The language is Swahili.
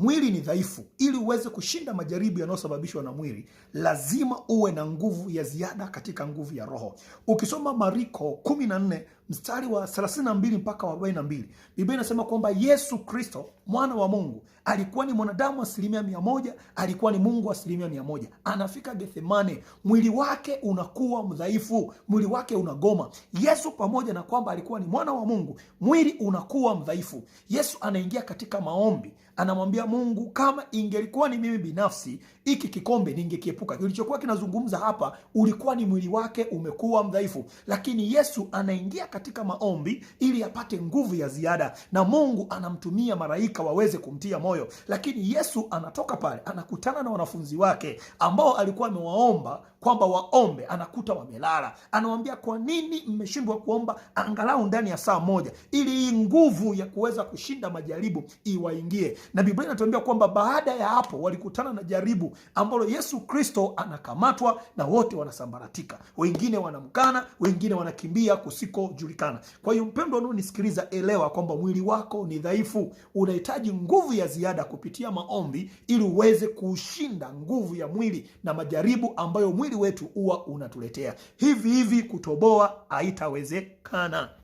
Mwili ni dhaifu. Ili uweze kushinda majaribu yanayosababishwa na mwili, lazima uwe na nguvu ya ziada katika nguvu ya roho. Ukisoma Mariko 14 mstari wa 32 mpaka wa 42, Biblia inasema kwamba Yesu Kristo mwana wa Mungu alikuwa ni mwanadamu asilimia mia moja, alikuwa ni Mungu asilimia mia moja. Anafika Gethsemane, mwili wake unakuwa mdhaifu, mwili wake unagoma. Yesu pamoja na kwamba alikuwa ni mwana wa Mungu, mwili unakuwa mdhaifu. Yesu anaingia katika maombi anamwambia Mungu, kama ingelikuwa ni mimi binafsi, hiki kikombe ningekiepuka. Kilichokuwa kinazungumza hapa ulikuwa ni mwili wake umekuwa mdhaifu, lakini Yesu anaingia katika maombi ili apate nguvu ya ziada, na Mungu anamtumia malaika waweze kumtia moyo. Lakini Yesu anatoka pale, anakutana na wanafunzi wake ambao alikuwa amewaomba kwamba waombe, anakuta wamelala. Anawambia, kwa nini mmeshindwa kuomba angalau ndani ya saa moja, ili hii nguvu ya kuweza kushinda majaribu iwaingie? na Biblia inatuambia kwamba baada ya hapo walikutana na jaribu ambalo Yesu Kristo anakamatwa na wote wanasambaratika, wengine wanamkana, wengine wanakimbia kusikojulikana. Kwa hiyo mpendwa unaonisikiliza, elewa kwamba mwili wako ni dhaifu, unahitaji nguvu ya ziada kupitia maombi ili uweze kushinda nguvu ya mwili na majaribu ambayo mwili wetu huwa unatuletea. Hivi hivi kutoboa haitawezekana.